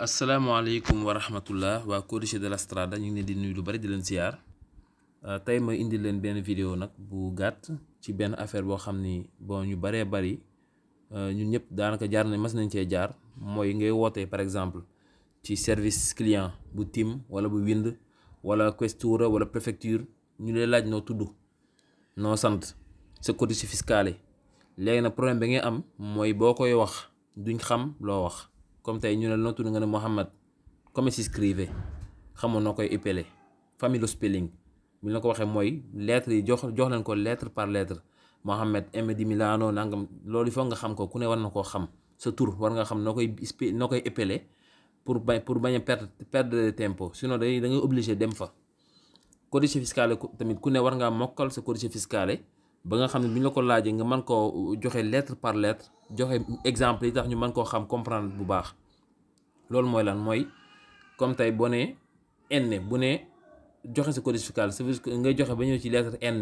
asalaamaaleykum wa rahmatullah waa Codice de la Strada ñu ngi leen di nuyu lu bari di leen siyaar euh, tey ma indi leen benn vidéo nag bu gàtt ci benn affaire boo xam ni bon ñu baree bari euh, ñun ñëpp daanaka jaar nañ mas nañ cee jaar mooy ngay wootee par exemple ci service client bu Tim wala bu Wind wala questura wala préfecture ñu lay laaj noo tudd noo sant sa codice fiscale léegi nag problème bi ngay am mooy boo koy wax duñ xam loo wax. comme tey ñu ne noo tudd nga ne Mouhamad comme s'écrivait xamoon noo koy épeler famille le spelling bi la ko waxee mooy lettre yi jox jox leen ko lettre par lettre Mouhamad M di Milano nangam loolu foog nga xam ko ku ne war na koo xam sa tur war nga xam noo koy noo koy épeler pour ba pour bañ a perdre perdre de tempo sinon day da ngay dem fa. codice fiscale tamit ku ne war ngaa mokkal sa codice fiscale. ba nga xam ne bi ñu la ko laajee nga mën koo joxe lettre par lettre joxe exemple yi tax ñu man koo xam comprendre bu baax loolu mooy lan mooy comme tey boo nee n bu ne joxe sa code fiscal sa ngay joxe ba ñëw ci lettre n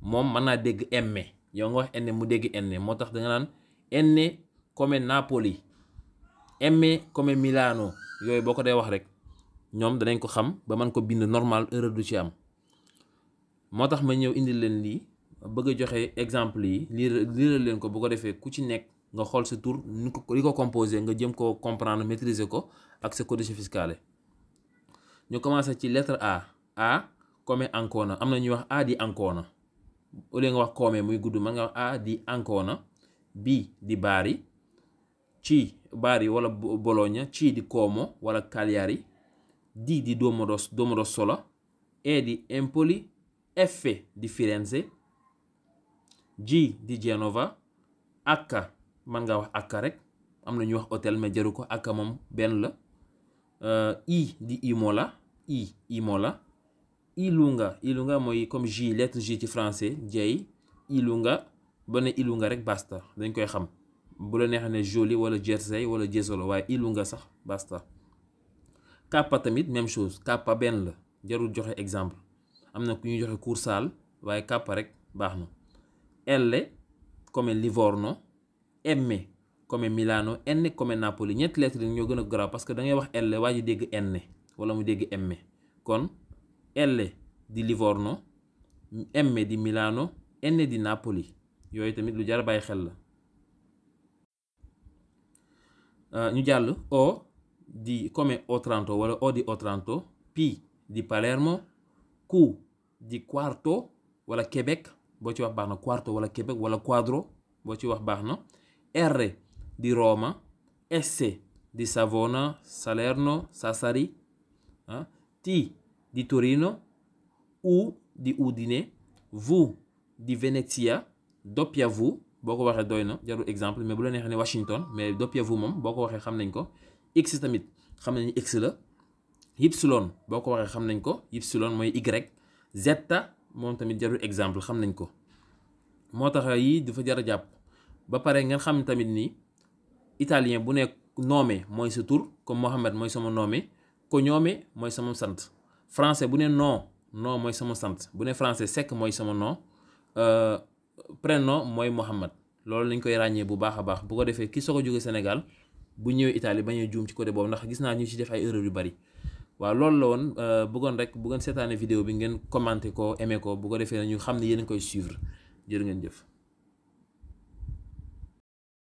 moom mën naa dégg m yow nga wax n mu dégg n moo tax da nga naan n comme Napoli m comme milaano yooyu boo ko dee wax rek ñoom danañ ko xam ba mën ko bind normal erreur du ci am moo tax ma ñëw indil leen lii. bëgg a joxe exemple yi lii lire leen ko bu ko defee ku ci nekk nga xool sa tour ni ko li ko composé nga jëm ko comprendre maîtriser ko ak sa codice fiscale ñu commencé ci lettre A A come Ancona am na ñuy wax A di Ancona au lieu nga wax come muy gudd mën nga wax A di Ancona B di baari ci Bari wala Bologna ci di Como wala Cagliari D di Domodos Domodossola E di Empoli F di Firenze G di Genova Accra man nga wax Accra rek am na ñuy wax hôtel mais jaru ko Accra moom benn la euh, I di imo la I nga Ilunga nga mooy comme gi lettre J ci français J nga ba ne nga rek basta dañ koy xam bu la neexee ne Jolie wala Jersey wala Jesolo waaye nga sax basta Kappa tamit même chose Kappa benn la jarul joxe exemple am na ku ñuy joxe Kursaal waaye Kappa rek baax na. L come Livorno M comme Milano N comme Napoli ñetti lettres ñoo gën a garaaw parce que da ngay wax L waa ji dégg N wala mu dégg M kon L di Livorno M di Milano N di Napoli yooyu tamit lu jar bàyyi xel la euh, ñu jàll O di comme Otranto wala O di Otranto P di Palermo Q di Quarto wala Québec boo ci wax baax na Quarto wala Québec wala Quadro boo ci wax baax na R di Roma S di Savona Salerno Sassari ah T di Torino U di Udine V di Venezia Doppia-V boo ko waxee doy na jarul exemple mais bu la neexee ne Washington mais Doppia-V moom boo ko waxee xam nañ ko X tamit xam nañ X la Y boo ko waxee xam nañ ko Y mooy Y Z moom tamit jarul exemple xam nañ ko moo tax yii dafa jar a jàpp ba pare ngeen xam tamit nii italien bu nekk nommé mooy sa tour comme Mohamed mooy sama nommé cognome mooy sama sant français bu ne nom nom mooy sama sant bu ne français sekk mooy sama nom euh, prénom mooy Mohamed loolu lañ koy ràññee bu baax a baax bu ko defee ki soo ko jógee Sénégal bu ñëwee Italie bañ a juum ci côté boobu ndax gis naa ñu ci def ay erreur yu bari waaw loolu la woon euh, bëggoon rek bu ngeen seetaanee bi ngeen commenté ko aimé ko bu ko defee ñu xam ne yéen a koy suivre jërë ngeen jëf.